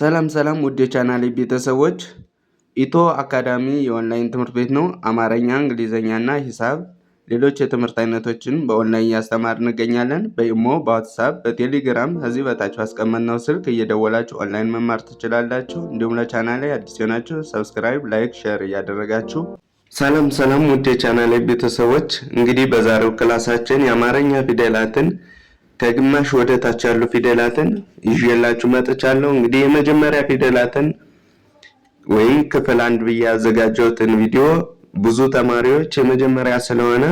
ሰላም ሰላም ውድ የቻናል ቤተሰቦች ኢትዮ አካዳሚ የኦንላይን ትምህርት ቤት ነው። አማረኛ፣ እና ሂሳብ ሌሎች የትምህርት አይነቶችን በኦንላይን እያስተማር እንገኛለን። በኢሞ፣ በዋትሳፕ፣ በቴሌግራም ከዚህ በታች አስቀመጥነው ስልክ እየደወላችሁ ኦንላይን መማር ትችላላችሁ። እንዲሁም ለቻናሌ አዲስ የሆናችሁ ሰብስክራይብ፣ ላይክ፣ ሼር እያደረጋችሁ ሰላም ሰላም ውድ የቻናሌ ቤተሰቦች እንግዲህ በዛሬው ክላሳችን የአማረኛ ፊደላትን ከግማሽ ወደ ታች ያሉ ፊደላትን ይዤላችሁ መጥቻለሁ። እንግዲህ የመጀመሪያ ፊደላትን ወይም ክፍል አንድ ብዬ ያዘጋጀሁትን ቪዲዮ ብዙ ተማሪዎች የመጀመሪያ ስለሆነ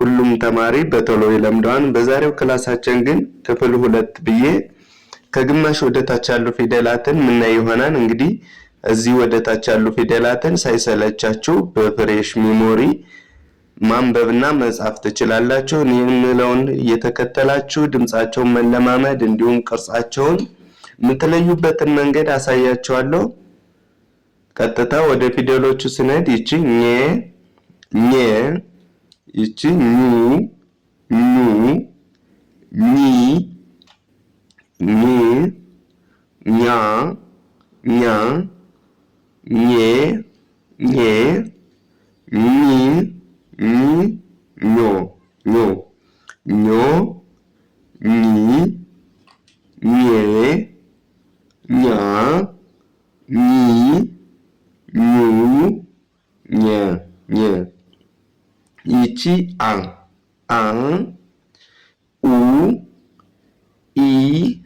ሁሉም ተማሪ በቶሎ ይለምደዋል። በዛሬው ክላሳችን ግን ክፍል ሁለት ብዬ ከግማሽ ወደ ታች ያሉ ፊደላትን ምናይ ይሆናል። እንግዲህ እዚህ ወደ ታች ያሉ ፊደላትን ሳይሰለቻችሁ በፍሬሽ ሚሞሪ ማንበብና መጻፍ ትችላላችሁ። የምለውን እየተከተላችሁ ድምፃቸውን መለማመድ እንዲሁም ቅርጻቸውን የምትለዩበትን መንገድ አሳያችኋለሁ። ቀጥታ ወደ ፊደሎቹ ስነድ ይቺ ኘ ኘ ይቺ ኙ ኙ ኚ ኚ ኛ ኛ ኘ ኘ dit un. Un, ou, i,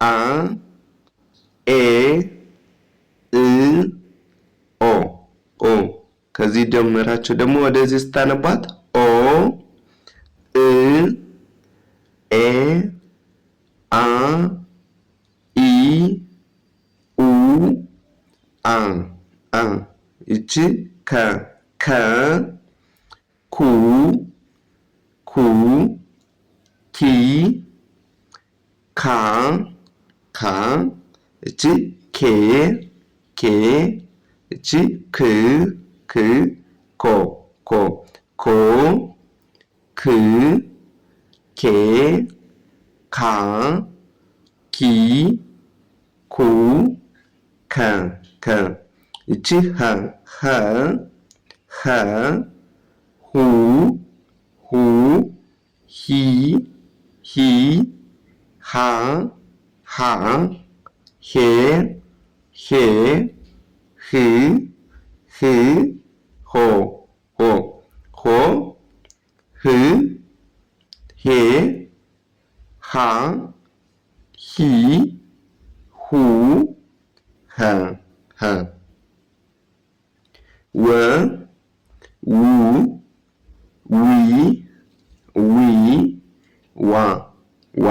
un, e, እ ኦ ኦ ከዚህ ጀምራችሁ ደግሞ ወደዚህ ስታነባት ኦ እ ኤ አ ኢ ኡ አ አ ይቺ ከ ከ 구, 구, 기, 강, 강, 지, 개, 개, 지, 그, 그, 고, 고, 고, 그, 개, 강, 기, 구, 강, 강, 지, 항, 항, 항, 虎虎，喜喜，行行，喜喜，喜喜，火火火，喜喜，行喜虎，行行，五五。ዊ ዊ ዋ ዋ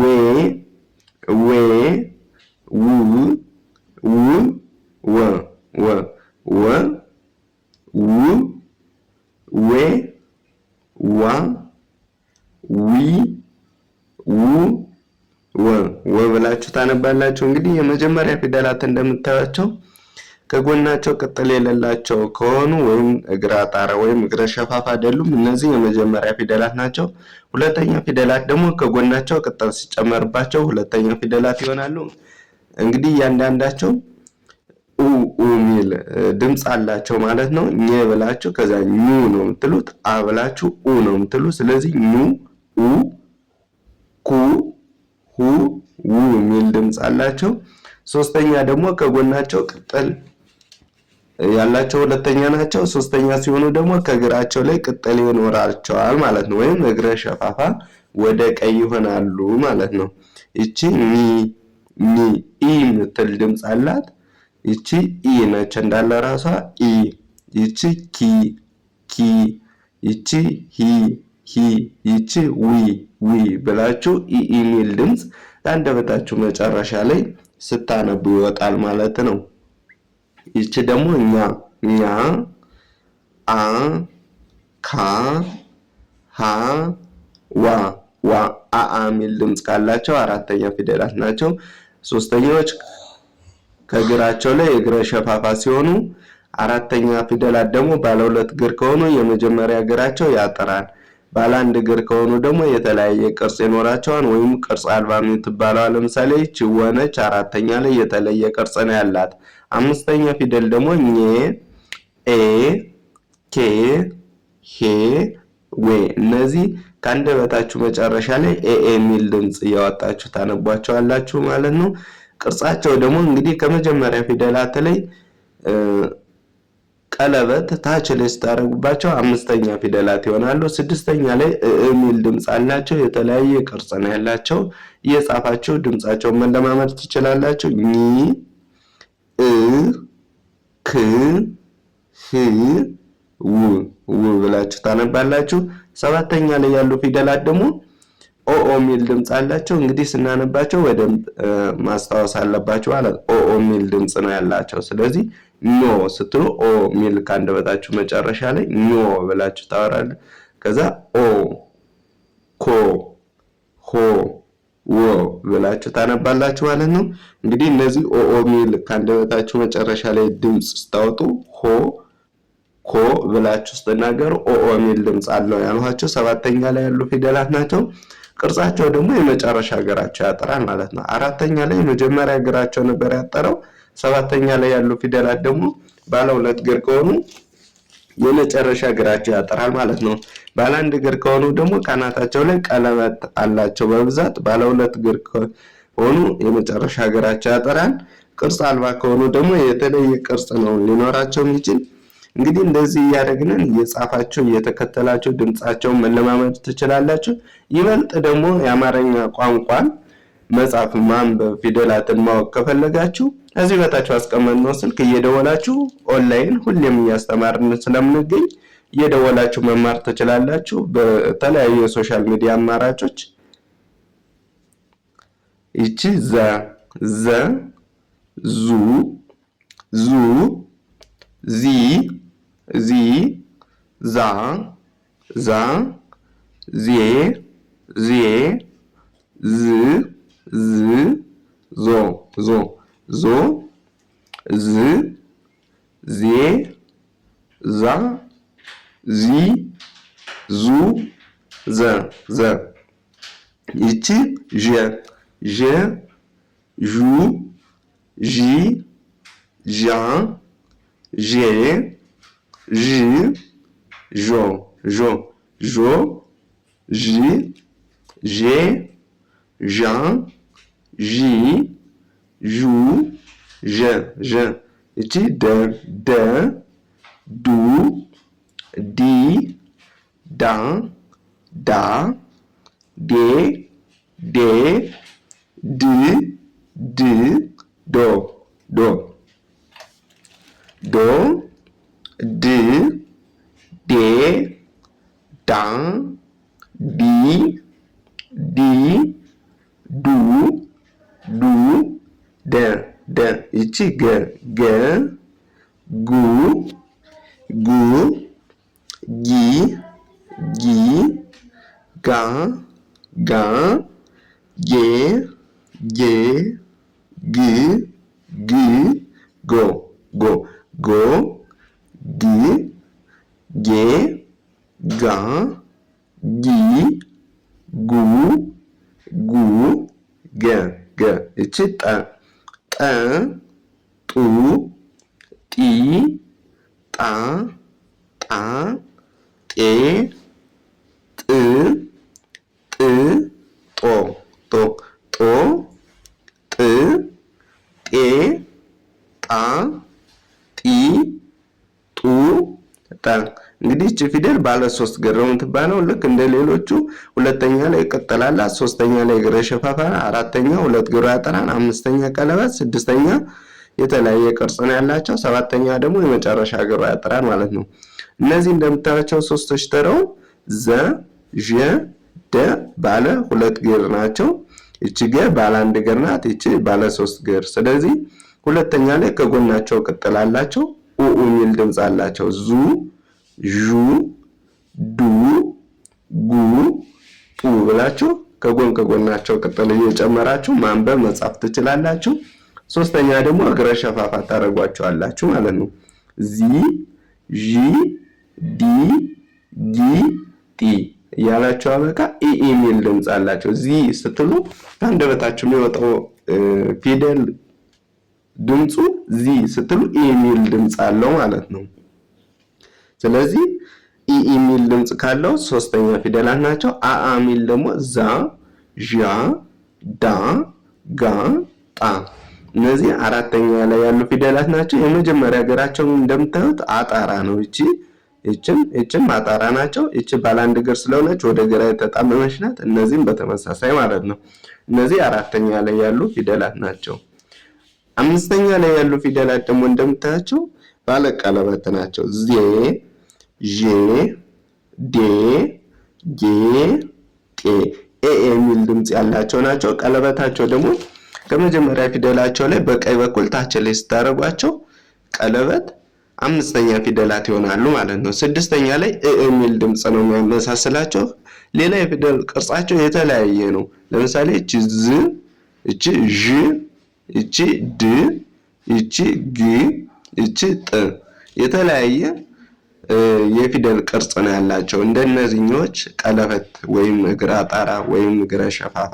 ዌ ዌ ው ው ወ ወ ወ ው ዌ ዋ ዊ ው ወ ወ ብላችሁ ታነባላችሁ። እንግዲህ የመጀመሪያ ፊደላት እንደምታያቸው ከጎናቸው ቅጥል የሌላቸው ከሆኑ ወይም እግረ አጣራ ወይም እግረ ሸፋፍ አይደሉም። እነዚህ የመጀመሪያ ፊደላት ናቸው። ሁለተኛ ፊደላት ደግሞ ከጎናቸው ቅጥል ሲጨመርባቸው ሁለተኛ ፊደላት ይሆናሉ። እንግዲህ እያንዳንዳቸው ኡ ሚል ድምፅ አላቸው ማለት ነው። ኘ ብላችሁ ከዛ ኙ ነው የምትሉት፣ አ ብላችሁ ኡ ነው የምትሉ። ስለዚህ ኙ ኡ ኩ ሁ ው የሚል ድምፅ አላቸው። ሶስተኛ ደግሞ ከጎናቸው ቅጥል ያላቸው ሁለተኛ ናቸው። ሶስተኛ ሲሆኑ ደግሞ ከእግራቸው ላይ ቅጠል ይኖራቸዋል ማለት ነው። ወይም እግረ ሸፋፋ ወደ ቀይ ይሆናሉ ማለት ነው። ይቺ ሚ ሚ ኢ የምትል ድምፅ አላት። ይቺ ኢ ነች እንዳለ ራሷ ኢ። ይቺ ኪ ኪ። ይቺ ሂ ሂ። ይቺ ዊ ዊ ብላችሁ ኢ የሚል ድምፅ አንደበታችሁ መጨረሻ ላይ ስታነቡ ይወጣል ማለት ነው። ይቺ ደግሞ ኛ ኛ አ ካ ሀ ዋ ዋ አ አ የሚል ድምፅ ካላቸው አራተኛ ፊደላት ናቸው። ሶስተኛዎች ከግራቸው ላይ የእግረ ሸፋፋ ሲሆኑ አራተኛ ፊደላት ደግሞ ባለ ሁለት እግር ከሆኑ የመጀመሪያ እግራቸው ያጠራል። ባለ አንድ እግር ከሆኑ ደግሞ የተለያየ ቅርጽ ይኖራቸዋል ወይም ቅርጽ አልባ የምትባለዋ። ለምሳሌ ችወነች አራተኛ ላይ የተለየ ቅርጽ ነው ያላት። አምስተኛ ፊደል ደግሞ ኘ፣ ኤ፣ ኬ፣ ሄ፣ ዌ እነዚህ ከአንደበታችሁ መጨረሻ ላይ ኤ የሚል ድምፅ እያወጣችሁ ታነቧቸዋላችሁ ማለት ነው። ቅርጻቸው ደግሞ እንግዲህ ከመጀመሪያ ፊደላት ላይ ቀለበት ታች ላይ ስታደርጉባቸው አምስተኛ ፊደላት ይሆናሉ። ስድስተኛ ላይ የሚል ድምፅ አላቸው። የተለያየ ቅርጽ ነው ያላቸው። እየጻፋችሁ ድምፃቸውን መለማመድ ትችላላችሁ። ኝ እ ክ ህ ው ው ብላችሁ ታነባላችሁ። ሰባተኛ ላይ ያሉ ፊደላት ደግሞ ኦ ኦ የሚል ድምፅ አላቸው። እንግዲህ ስናነባቸው በደንብ ማስታወስ አለባችሁ ማለት ኦ ኦ የሚል ድምፅ ነው ያላቸው። ስለዚህ ኞ ስትሉ ኦ የሚል ከአንደበታችሁ መጨረሻ ላይ ኞ ብላችሁ ታወራለ። ከዛ ኦ ኮ ብላችሁ ታነባላችሁ ማለት ነው። እንግዲህ እነዚህ ኦኦ ሚል ከአንደበታችሁ መጨረሻ ላይ ድምፅ ስታወጡ ሆ ኮ ብላችሁ ስትናገሩ ኦኦሚል ሚል ድምፅ አለው ያልኋቸው ሰባተኛ ላይ ያሉ ፊደላት ናቸው። ቅርጻቸው ደግሞ የመጨረሻ እግራቸው ያጠራል ማለት ነው። አራተኛ ላይ የመጀመሪያ እግራቸው ነበር ያጠረው። ሰባተኛ ላይ ያሉ ፊደላት ደግሞ ባለ ሁለት እግር ከሆኑ የመጨረሻ እግራቸው ያጠራል ማለት ነው። ባለ አንድ እግር ከሆኑ ደግሞ ካናታቸው ላይ ቀለበት አላቸው በብዛት። ባለ ሁለት እግር ከሆኑ የመጨረሻ እግራቸው ያጠራል። ቅርጽ አልባ ከሆኑ ደግሞ የተለየ ቅርጽ ነው ሊኖራቸው የሚችል። እንግዲህ እንደዚህ እያደረግንን እየጻፋችሁ እየተከተላችሁ ድምፃቸው መለማመድ ትችላላችሁ። ይበልጥ ደግሞ የአማርኛ ቋንቋን መጻፍ፣ ማንበብ፣ ፊደላትን ማወቅ ከፈለጋችሁ ከዚህ በታችሁ አስቀመጥነው ስልክ እየደወላችሁ ኦንላይን ሁሌም እያስተማርን ስለምንገኝ እየደወላችሁ መማር ትችላላችሁ። በተለያዩ የሶሻል ሚዲያ አማራጮች ይቺ ዘ ዘ ዙ ዙ ዚ ዚ ዛ ዛ ዜ ዜ ዝ ዝ ዞ ዞ so, z, sie, za, zi, zu, za, za. Ici, je je JOU ju JAN ዤ ji, jo, jo, jo, J J እጅህ ደ ደ ዱ ዲ ዳ ዳ ዴ ዴ ድ ድ ዶ ዶ ዶ ድ ዴ ዳ ዲ ዲ ዱ ዱ ደ ደ ይቺ ገ ገ ጉ ጉ ጊ ጊ ጋ ጋ ጌ ጌ ግ ግ ጎ ጎ ጎ ግ ጌ ጋ ጊ ጉ ጉ ገ ገ እቺ ጠ ጠ ጡ ጢ ጣ ባለ ሶስት ግር የምትባለው ነው። ልክ እንደ ሌሎቹ ሁለተኛ ላይ ቀጠላላ፣ ሶስተኛ ላይ ግረ ሸፋፋ፣ አራተኛ ሁለት ግራ ያጠናን፣ አምስተኛ ቀለበት፣ ስድስተኛ የተለያየ ቅርጽ ነው ያላቸው፣ ሰባተኛ ደግሞ የመጨረሻ ግራ ያጠናን ማለት ነው። እነዚህ እንደምታያቸው ሶስቶች ተረው ዘ ዠ ደ ባለ ሁለት ግር ናቸው። እቺ ገ ባለ አንድ ግር ናት። ይቺ ባለ ሶስት ግር። ስለዚህ ሁለተኛ ላይ ከጎናቸው ቅጥል አላቸው ኡ የሚል ድምፅ አላቸው ዙ ዡ ዱ ጉ ጡ ብላችሁ ከጎን ከጎናቸው ቅጥል እየጨመራችሁ ማንበብ መጻፍ ትችላላችሁ። ሶስተኛ ደግሞ እግረ ሸፋፋ ታደርጓቸዋላችሁ ማለት ነው። ዚ ዢ ዲ ጊ ጢ እያላችሁ አበቃ ኢ የሚል ድምፅ አላቸው። ዚ ስትሉ ከአንደበታችሁ የሚወጣው ፊደል ድምፁ ዚ ስትሉ ኢ የሚል ድምፅ አለው ማለት ነው። ስለዚህ ኢ የሚል ድምፅ ካለው ሶስተኛ ፊደላት ናቸው። አ የሚል ደግሞ ዛ፣ ዣ፣ ዳ፣ ጋ፣ ጣ እነዚህ አራተኛ ላይ ያሉ ፊደላት ናቸው። የመጀመሪያ እግራቸው እንደምታዩት አጣራ ነው። እቺ እችም እችም አጣራ ናቸው። እቺ ባለ አንድ እግር ስለሆነች ወደ ግራ የተጣመመች ናት። እነዚህም በተመሳሳይ ማለት ነው። እነዚህ አራተኛ ላይ ያሉ ፊደላት ናቸው። አምስተኛ ላይ ያሉ ፊደላት ደግሞ እንደምታያቸው ባለ ቀለበት ናቸው። ዜ ዤ ዴ ጌ ጤ ኤ የሚል ድምፅ ያላቸው ናቸው። ቀለበታቸው ደግሞ ከመጀመሪያ ፊደላቸው ላይ በቀኝ በኩል ታች ላይ ስታደርጓቸው ቀለበት አምስተኛ ፊደላት ይሆናሉ ማለት ነው። ስድስተኛ ላይ እ የሚል ድምፅ ነው የሚያመሳስላቸው። ሌላ የፊደል ቅርጻቸው የተለያየ ነው። ለምሳሌ እቺ ዝ፣ እቺ ዥ፣ እቺ ድ፣ እቺ ግ፣ እቺ ጥ የተለያየ የፊደል ቅርጽ ነው ያላቸው። እንደነዚህኞች ቀለበት ወይም እግረ አጣራ ወይም እግረ ሸፋፋ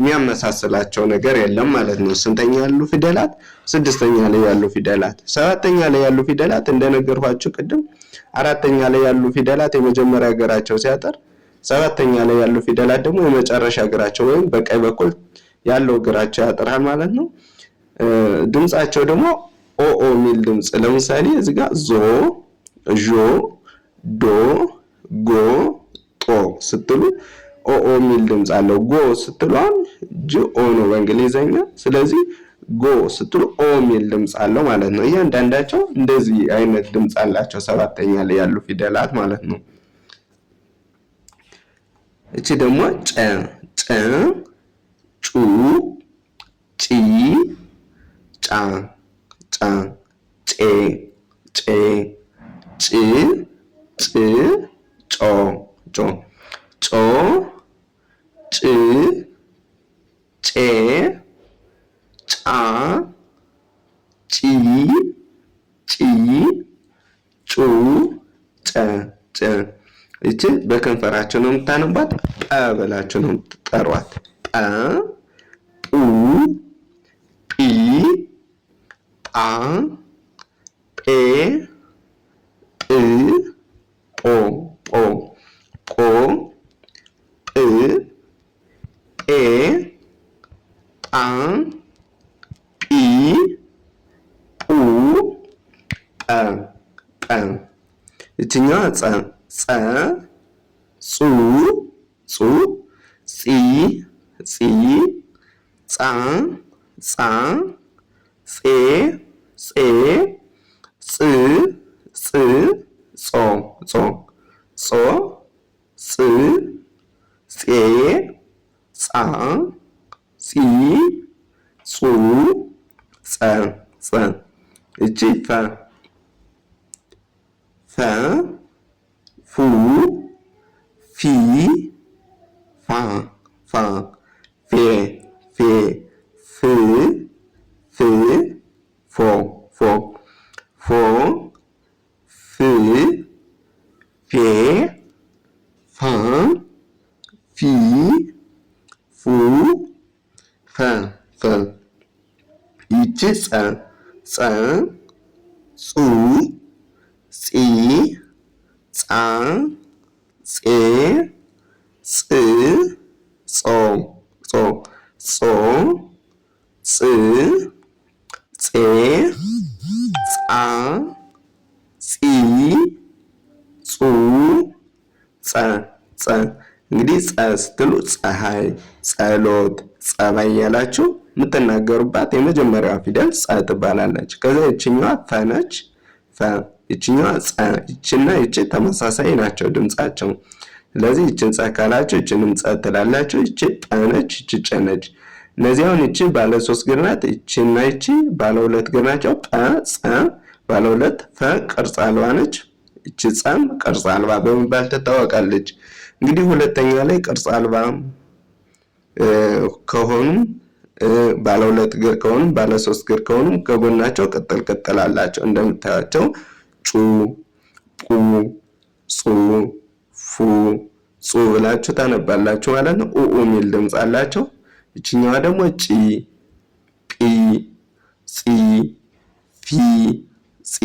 የሚያመሳስላቸው ነገር የለም ማለት ነው። ስንተኛ ያሉ ፊደላት? ስድስተኛ ላይ ያሉ ፊደላት። ሰባተኛ ላይ ያሉ ፊደላት እንደነገርኳችሁ ቅድም አራተኛ ላይ ያሉ ፊደላት የመጀመሪያ እግራቸው ሲያጠር፣ ሰባተኛ ላይ ያሉ ፊደላት ደግሞ የመጨረሻ እግራቸው ወይም በቀኝ በኩል ያለው እግራቸው ያጥራል ማለት ነው። ድምጻቸው ደግሞ ኦኦ የሚል ድምፅ ለምሳሌ እዚህ ጋር ዞ ዦ ዶ ጎ ጦ ስትሉ ኦኦ የሚል ድምፅ አለው። ጎ ስትሉ አሁን ጂኦ ነው በእንግሊዘኛ። ስለዚህ ጎ ስትሉ ኦ የሚል ድምፅ አለው ማለት ነው። እያንዳንዳቸው እንደዚህ አይነት ድምፅ አላቸው፣ ሰባተኛ ላይ ያሉ ፊደላት ማለት ነው። እቺ ደግሞ ጨ ጨ ጩ ጪ ጫ ጫ ጬ ጬ ጭ ጭ ጮ ጮ ጮ ጭ ጬ ጫ ጪ ጪ ጩ ጨ ጨ ይቺ በከንፈራቸው ነው የምታነቧት። ጰ በላቸው ነው የምትጠሯት። ጰ ጱ ጲ ጳ እችኛ ፀ ፀ ጹ ጹ ጺ ጺ ጻ ጻ ጼ ጼ ጽ ጽ ጾ ጾ ጾ ጽ ጼ ጻ ጺ ጹ ጸ ጸ እቺ ፈ ፈ ፉ ፊ ፋ ፋ ፌ ፌ ፍ ፍ ፎ ፎ ፎ ፍ ፌ ፋ ፊ ፉ ፈ ፈ ይቺ ጸ ጸ ጹ ፂ ፃ ፄ ፅ ጾ ጾ ጾ ፅ ፄ ፃ ፂ ፁ ፀ ፀ እንግዲህ ፀ ስትሉ ፀሐይ፣ ጸሎት፣ ጸባይ ያላችሁ የምትናገሩባት የመጀመሪያዋ ፊደል ፀ ትባላለች። ከዛ ይችኛዋ ፈነች ፈ ይችኛዋ ፀ ይችና ይች ተመሳሳይ ናቸው ድምጻቸው። ስለዚህ ይችን ፀ ካላችሁ ይችንም ፀ ትላላችሁ። ይች ጠ ይች እነዚህ አሁን ይች ባለ ሶስት እግር ናት። ይችና ይች ባለ ሁለት እግር ናቸው። ጠ ፀ ባለ ሁለት ፈ ቅርጽ አልባ ነች። ይች ፀም ቅርጽ አልባ በመባል ትታወቃለች። እንግዲህ ሁለተኛ ላይ ቅርጽ አልባ ከሆኑ ባለ ሁለት እግር ከሆኑ ባለ ሶስት እግር ከሆኑ ከጎናቸው ቅጥል ቅጥል አላቸው እንደምታያቸው ጩ ጡ ጹ ፉ ጹ ብላችሁ ታነባላችሁ ማለት ነው። ኡኡ የሚል ድምፅ አላቸው። እችኛዋ ደግሞ ጪ ጲ ጺ ፊ ጺ።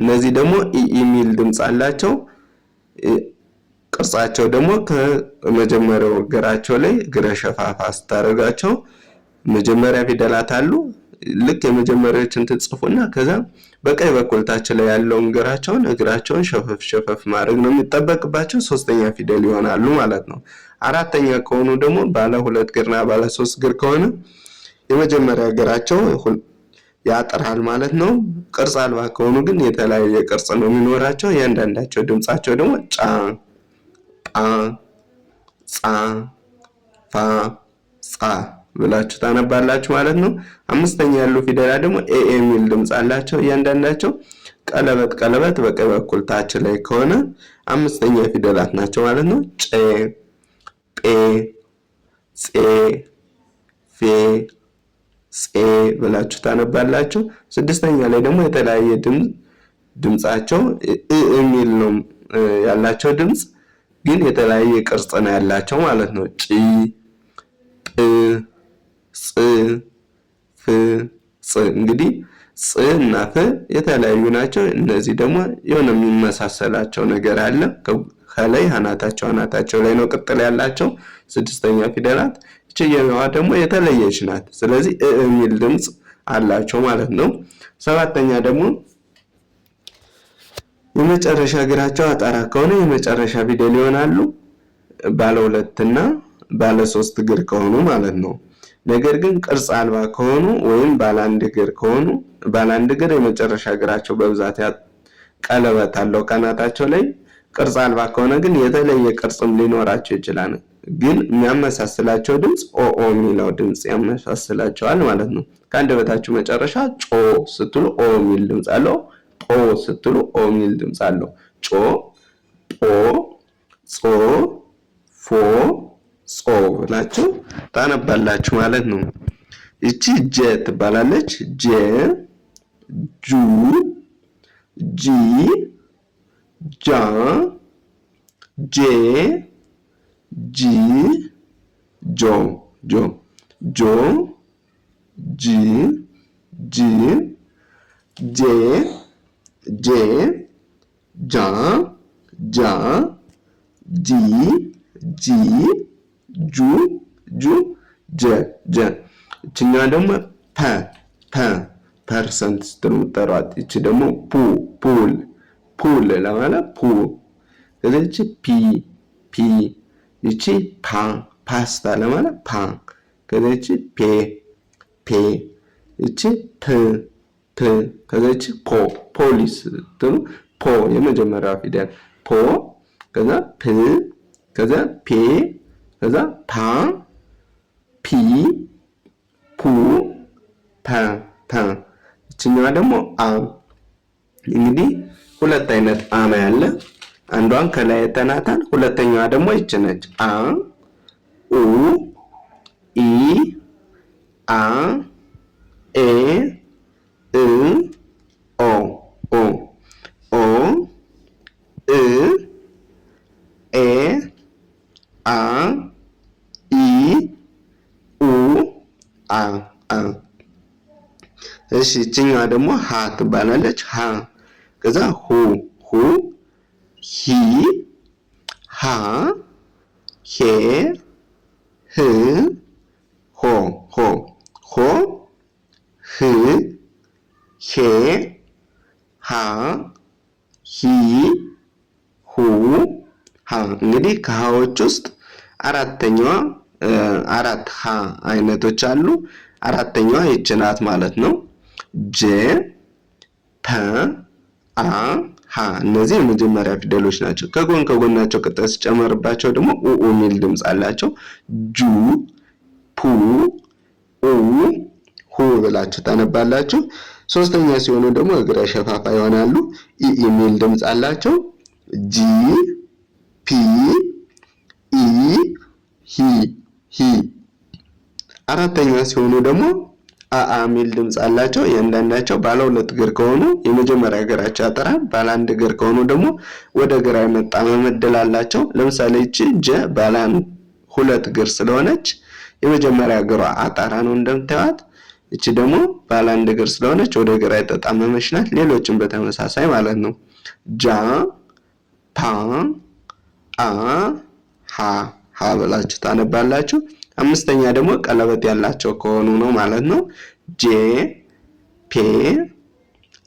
እነዚህ ደግሞ ኢ የሚል ድምፅ አላቸው። ቅርጻቸው ደግሞ ከመጀመሪያው እግራቸው ላይ እግረ ሸፋፋ ስታደርጋቸው መጀመሪያ ፊደላት አሉ። ልክ የመጀመሪያዎችን ትጽፉና ከዛ በቀኝ በኩል ታች ላይ ያለውን እግራቸውን እግራቸውን ሸፈፍ ሸፈፍ ማድረግ ነው የሚጠበቅባቸው። ሶስተኛ ፊደል ይሆናሉ ማለት ነው። አራተኛ ከሆኑ ደግሞ ባለ ሁለት እግርና ባለ ሶስት እግር ከሆነ የመጀመሪያ እግራቸው ያጥራል ማለት ነው። ቅርጽ አልባ ከሆኑ ግን የተለያየ ቅርጽ ነው የሚኖራቸው። እያንዳንዳቸው ድምጻቸው ደግሞ ጫ፣ ጳ፣ ጻ፣ ፋ፣ ጻ ብላችሁ ታነባላችሁ ማለት ነው። አምስተኛ ያሉ ፊደላት ደግሞ ኤ የሚል ድምፅ አላቸው እያንዳንዳቸው። ቀለበት ቀለበት በቀኝ በኩል ታች ላይ ከሆነ አምስተኛ ፊደላት ናቸው ማለት ነው። ጬ፣ ጴ፣ ጼ፣ ፌ፣ ጼ ብላችሁ ታነባላችሁ። ስድስተኛ ላይ ደግሞ የተለያየ ድምፃቸው እ የሚል ነው ያላቸው ድምፅ ግን የተለያየ ቅርጽ ነው ያላቸው ማለት ነው ጭ ጥ ጽ ፍ ጽ እንግዲህ ጽ እና ፍ የተለያዩ ናቸው። እነዚህ ደግሞ የሆነ የሚመሳሰላቸው ነገር አለ። ከላይ አናታቸው አናታቸው ላይ ነው ቅጥል ያላቸው ስድስተኛ ፊደላት። ይችኛዋ ደግሞ የተለየች ናት። ስለዚህ እ የሚል ድምፅ አላቸው ማለት ነው። ሰባተኛ ደግሞ የመጨረሻ እግራቸው አጣራ ከሆነ የመጨረሻ ፊደል ይሆናሉ። ባለ ሁለት እና ባለ ሶስት እግር ከሆኑ ማለት ነው። ነገር ግን ቅርጽ አልባ ከሆኑ ወይም ባለአንድ እግር ከሆኑ ባለአንድ እግር የመጨረሻ እግራቸው በብዛት ቀለበት አለው ቀናታቸው ላይ። ቅርጽ አልባ ከሆነ ግን የተለየ ቅርጽም ሊኖራቸው ይችላል። ግን የሚያመሳስላቸው ድምፅ ኦኦ የሚለው ድምፅ ያመሳስላቸዋል ማለት ነው። ከአንድ በታችሁ መጨረሻ ጮ ስትሉ ኦ የሚል ድምፅ አለው። ጦ ስትሉ ኦ የሚል ድምፅ አለው። ጮ፣ ጦ፣ ጾ፣ ፎ ጾ ብላችሁ ታነባላችሁ ማለት ነው። ይቺ ጀ ትባላለች። ጀ ጁ ጂ ጃ ጄ ጂ ጆ ጆ ጆ ጂ ጂ ጄ ጄ ጃ ጃ ጂ ጂ ጁ ጁ ጀ ጀ እችኛ ደግሞ ፐ ፐ ፐርሰንት ስትሉ ጠሯት። እቺ ደግሞ ፑ ፑል ፑል ለማለት ፑ ከዚህ ፒ ፒ እቺ ፓ ፓስታ ለማለት ፓ ከዚች ፔ ፔ እቺ ፕ ፕ ከዚች ፖ ፖሊስ ስትሉ ፖ የመጀመሪያ ፊደል ፖ ከዛ ፕ ከዛ ፔ ከዛ ፓ ፒ ፑ ፐ ፐ እችኛዋ ደግሞ አ እንግዲህ ሁለት አይነት አማ ያለ አንዷን ከላይ የተናታን ሁለተኛዋ ደግሞ ይች ነች። አ ኡ ኢ አ ኤ እ ኦ ኦ ኦ እ ኤ አ አ አ እሺ እችኛዋ ደግሞ ሀ ትባላለች። ሀ ከዛ ሁ ሁ ሂ ሃ ሄ ህ ሆ ሆ ሆ ህ ሄ ሃ ሂ ሁ ሃ እንግዲህ ከሀዎች ውስጥ አራተኛዋ አራት ሀ አይነቶች አሉ። አራተኛዋ ይች ናት ማለት ነው። ጄ ፐ አ ሀ እነዚህ የመጀመሪያ ፊደሎች ናቸው። ከጎን ከጎናቸው ቅጠል ሲጨመርባቸው ደግሞ ኡ የሚል ድምፅ አላቸው። ጁ ፑ ኡ ሁ ብላችሁ ታነባላችሁ። ሶስተኛ ሲሆኑ ደግሞ እግረ ሸፋፋ ይሆናሉ። ኢ የሚል ድምፅ አላቸው። ጂ ፒ ኢ ሂ ሂ። አራተኛ ሲሆኑ ደግሞ አአ የሚል ድምፅ አላቸው። እያንዳንዳቸው ባለ ሁለት እግር ከሆኑ የመጀመሪያ እግራቸው ያጠራል። ባለ አንድ እግር ከሆኑ ደግሞ ወደ ግራ የመጣመም እድል አላቸው። ለምሳሌ ይቺ ጀ ባለ ሁለት እግር ስለሆነች የመጀመሪያ እግሯ አጣራ ነው እንደምታዩት። እቺ ደግሞ ባለ አንድ እግር ስለሆነች ወደ ግራ የተጣመመች ናት። ሌሎችም በተመሳሳይ ማለት ነው። ጃ ፓ አ ሃ ሀ ብላችሁ ታነባላችሁ። አምስተኛ ደግሞ ቀለበት ያላቸው ከሆኑ ነው ማለት ነው። ጄ ፔ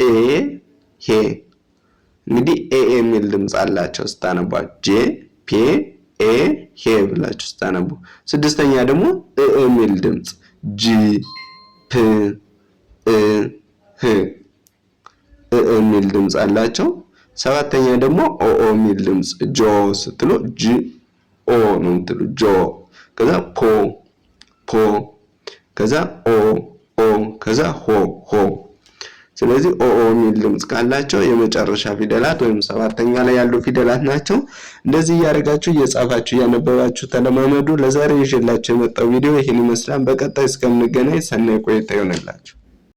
ኤ ሄ እንግዲህ ኤ የሚል ድምፅ አላቸው ስታነቧቸው። ጄ ፔ ኤ ሄ ብላችሁ ስታነቡ። ስድስተኛ ደግሞ እ የሚል ድምፅ ጅ ፕ እ ህ እ የሚል ድምፅ አላቸው። ሰባተኛ ደግሞ ኦ የሚል ድምፅ ጆ ስትሉ ጅ ኦ ነው የምትሉ ጆ። ከዛ ፖ ፖ፣ ከዛ ኦ ኦ፣ ከዛ ሆ ሆ። ስለዚህ ኦ ኦ የሚል ድምፅ ካላቸው የመጨረሻ ፊደላት ወይም ሰባተኛ ላይ ያሉ ፊደላት ናቸው። እንደዚህ እያደረጋችሁ እየጻፋችሁ እያነበባችሁ ተለማመዱ። ለዛሬ ይዤላችሁ የመጣው ቪዲዮ ይህን ይመስላል። በቀጣይ እስከምንገናኝ ሰናይ ቆይታ ይሆንላችሁ።